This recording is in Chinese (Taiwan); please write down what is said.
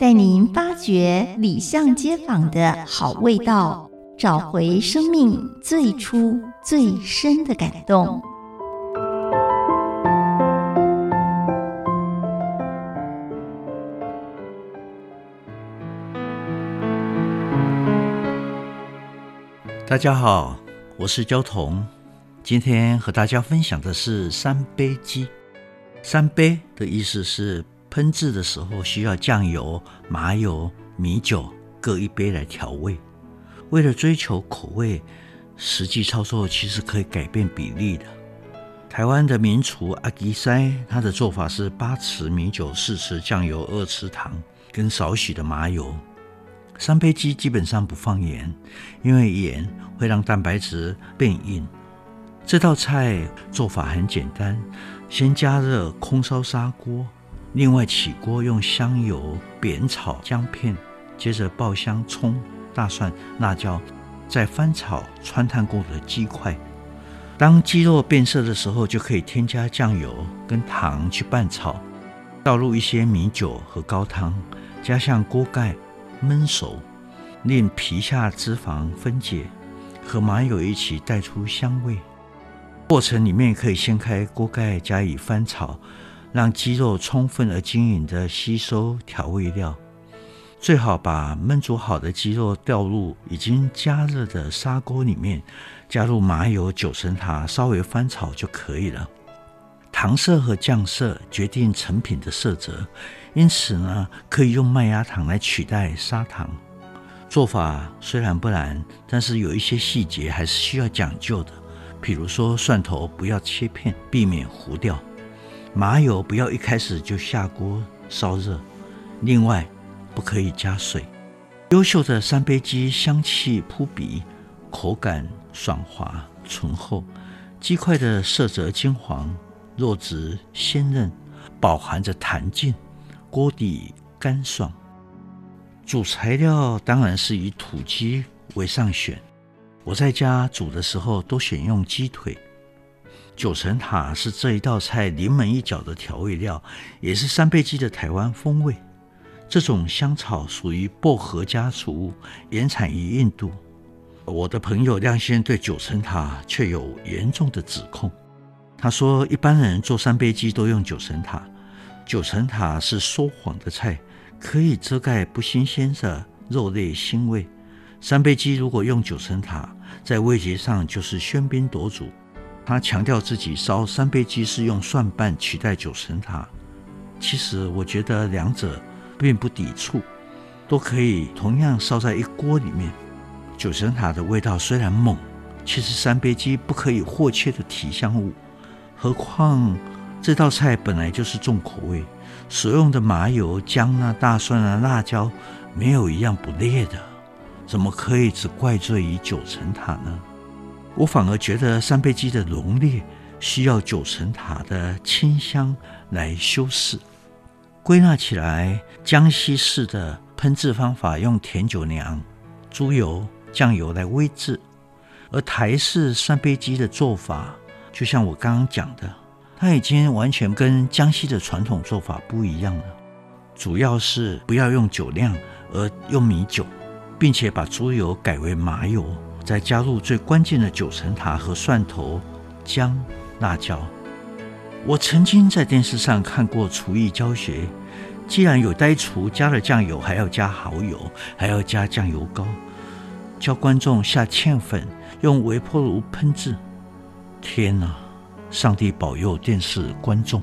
帶您發掘裡巷街坊的好味道，找回生命最初最深的感動。大家好，我是焦桐，今天和大家分享的是三杯雞。三杯的意思是，烹製的時候需要醬油、麻油、米酒各一杯來調味，為了追求口味，實際操作其實可以改變比例的。台灣的名廚阿基師他的做法是八匙米酒、四匙醬油、二匙糖跟少許的麻油。三杯雞基本上不放鹽，因為鹽會讓蛋白質變硬。這道菜做法很簡單，先加熱空燒砂鍋。另外，起鍋用香油煸炒薑片，接着爆香蔥、大蒜、辣椒，再翻炒汆燙過的雞塊。當雞肉變色的時候，就可以添加醬油跟糖去拌炒，倒入一些米酒和高湯，加上鍋蓋燜熟，令皮下脂肪分解，和麻油一起帶出香味。過程裡面可以掀開鍋蓋加以翻炒。讓雞肉充分而均勻地吸收調味料，最好把燜煮好的雞肉倒入已經加熱的砂鍋裡面，加入麻油、九層塔，稍微翻炒就可以了。糖色和醬色決定成品的色澤，因此呢，可以用麥芽糖來取代砂糖。做法雖然不難，但是有一些細節還是需要講究的，比如說蒜頭不要切片，避免糊掉。麻油不要一開始就下鍋燒熱，另外不可以加水。優秀的三杯雞香氣撲鼻，口感爽滑醇厚，雞塊的色澤金黃，肉質鮮嫩，飽含着彈勁，鍋底乾爽。主材料當然是以土雞為上選，我在家煮的時候都選用雞腿。九層塔是這一道菜臨門一腳的調味料，也是三杯雞的臺灣風味。這種香草屬於薄荷家族，原產於印度。我的朋友亮先對九層塔卻有嚴重的指控。他說，一般人做三杯雞都用九層塔，九層塔是說謊的菜，可以遮蓋不新鮮的肉類腥味。三杯雞如果用九層塔，在味覺上就是喧賓奪主。他強調自己燒三杯雞是用蒜瓣取代九層塔，其實我覺得兩者並不抵觸，都可以同樣燒在一鍋裡面。九層塔的味道雖然猛，卻是三杯雞不可以或缺的提香物，何況這道菜本來就是重口味，所用的麻油、薑啊、大蒜啊、辣椒沒有一樣不烈的，怎麼可以只怪罪於九層塔呢？我反而覺得三杯雞的濃烈需要九層塔的清香來修飾。歸納起來，江西式的烹製方法用甜酒釀、豬油、醬油來煨製，而台式三杯雞的做法，就像我剛剛講的，它已經完全跟江西的傳統做法不一樣了。主要是不要用酒釀，而用米酒，並且把豬油改為麻油。再加入最關鍵的九層塔和蒜頭、薑、辣椒。我曾經在電視上看過廚藝教學，既然有呆廚加了醬油，還要加蠔油，還要加醬油膏，教觀眾下芡粉，用微波爐烹制。天哪！啊！上帝保佑電視觀眾。